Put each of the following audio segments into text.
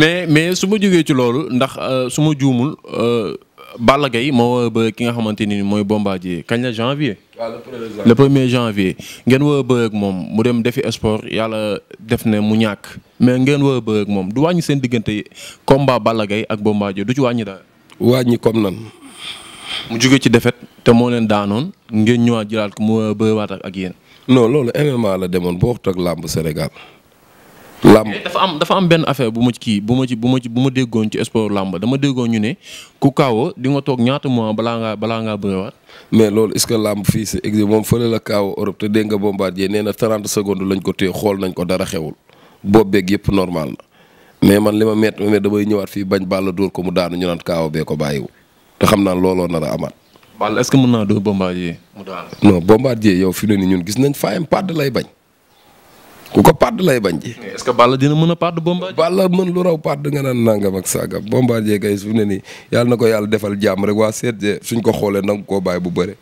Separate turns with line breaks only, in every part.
mais mais su ma jógee ci loolu ndax euh, su ma juumul euh, Balla Gaye moo war ba ki nga xamante ni mooy Bombardier kañ la janvier. Ah, le premier janvier ngeen war a moom mu dem defi sport yàlla def ne mu ñàkk mais ngeen war a moom du wàññi seen diggante combat Balla Gaye ak Bombardier du ci wàññi daal. wàññi comme nan. mu jóge ci defet te moo leen daanoon ngeen ñëwaat jëlaat ko mu bëriwaat ak yéen. non loolu MMA la demoon boo waxut ak làmb Sénégal. làmb eh, dafa am benn affaire bu ma ci kii bu ma ci bu ma ci bu ma déggoon ci sport làmb dama déggoon ñu ne
ku kaawoo di nga toog ñaata mois balaa ngaa balaa ngaa bëriwaat. mais loolu est-ce que làmb fii si exi moom fële la kaawoo Europe te dégg nga Bombardier nee na 30 secondes lañ ko téye xool nañ ko dara xewul boobu beeg yëpp normal na mais man li ma mett mais damay ñëwaat fii bañ Balla dóor ko mu daanu ñu naan kaaw bee ko bàyyiwu te xam naa looloo nar a amaat. Balla est-ce que mën naa dóor Bombardier mu daanu. non ñun gis nañ faayam pàdd lay bañ. ku ko pàdd lay bañ ji. est-ce Balla dina mën a pàdd Bombardier. Balla mën lu raw pàdd nga naan nangam ak sangam Bombardier kay su ne nii yàlla na ko yàlla defal jàmm rek waa seet suñ ko xoolee nangu koo baay bu bëre.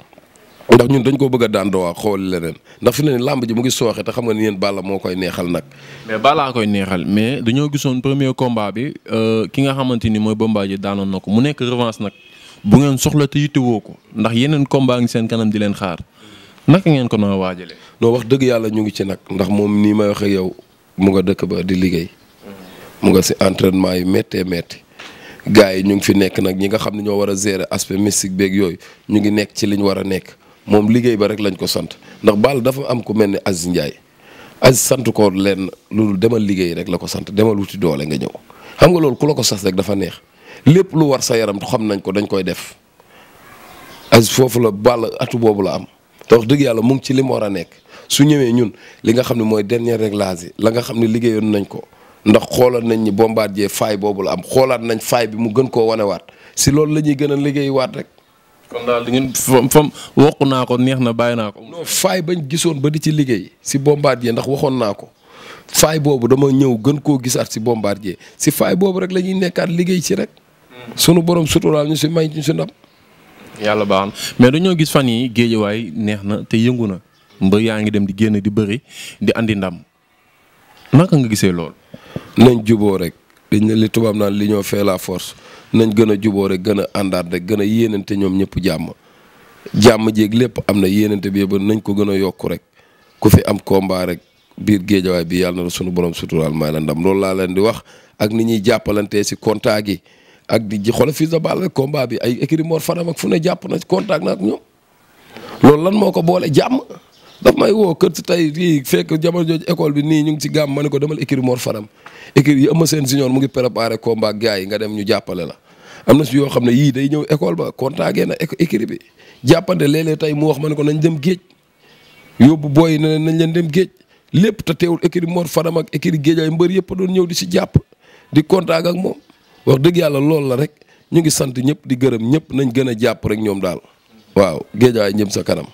ndax ñun dañ koo bëgg daan doo waa xool leneen ndax fu ne nii làmb ji mu ngi sooxe te xam nga ni yéen Balla moo koy neexal nag.
mais koy neexal mais dañoo gisoon premier combat bi euh, ki nga xamante ni mooy Bombardier daanoon na ko mu nekk revanche nag bu ngeen soxla te yittewoo ko ndax yeneen combat ngi seen kanam di leen xaar
naka ngeen ko noo waajalee. non wax dëgg yàlla ñu ngi ci nag ndax moom nii may waxee yow mu nga dëkk ba di liggéey. mu nga si entraînement yi méttee métti. gars yi ñu ngi fi nekk nag ñi nga xam ne ñoo war a gérer aspect mystique beeg yooyu ñu ngi nekk ci li ñu war a nekk moom liggéey ba rek lañ ko sant ndax Balla dafa am ku mel ni Aziz Ndiaye Aziz sant ko leen lu demal liggéey rek la ko sant demal wuti doole nga ñëw xam nga loolu ku la ko sas rek dafa neex lépp lu war sa yaram xam nañ ko dañ koy def Aziz foofu la Balla atu boobu la am te wax dëgg yàlla mu ngi ci li mu war a nekk su ñëwee ñun li nga xam ne mooy dernier réglage yi la nga xam ne liggéeyoon nañ ko ndax xoolal nañ ni bombardier faay boobu la am xoolaat nañ faay bi mu gën koo wanewaat si loolu la ñuy gën a liggéey waat rek. kon daal di ngeen naa ko neex na bàyyi naa ko. non faay bañ gisoon ba di ci liggéey si bombardier ndax waxoon naa ko faay boobu dama ñëw gën koo gisaat si bombardier si faay boobu rek la ñuy nekkaat liggéey ci rek. Hmm. sunu borom suturaal ñu si may ñu si ndam.
yàlla baax na mais dañoo gis fan yi géejawaay neex na te yëngu na mbër yaa ngi dem di génn di bëri di andi ndam naka nga
gisee lool. nañ juboo rek dañ ne li tubaab naan li ñoo fee la force nañ gën a juboo rek gën a àndaat rek gën a yéenante ñoom ñëpp jàmm jàmm jéeg lépp am na yéenante bi ba nañ ko gën a yokku rek ku fi am combat rek biir géejawaay bi yàlla na la sunu borom suturaal may la ndam loolu laa leen di wax ak ni ñuy jàppalantee si contact gi. ak di ji xoolal fils de Balla rek combat bi ay écurie Mor Fadam ak fu ne jàpp na ci contact na ak ñoom loolu lan moo ko boole jàmm daf may woo kër si tey fii fekk jamono jooju école bi nii ñu ngi ci gàmm ma ne ko demal écurie Mor Fadam écurie yi Eumeu Sène Junior mu ngi préparé combat ak gars yi nga dem ñu jàppale la. am na si yoo xam ne yii day ñëw école ba contacté na écurie bi jàppante léeg tey mu wax ma ne ko nañ dem géej yóbbu booy ne nañ leen dem géej lépp te teewul écurie Mor Fadam géej ay mbër yëpp doon ñëw di si jàpp di contact ak moom wax dëgg yàlla loolu la rek ñu ngi sant ñëpp di gërëm ñëpp nañ gën a jàpp rek ñoom daal waaw géejaay ñëm sa kanam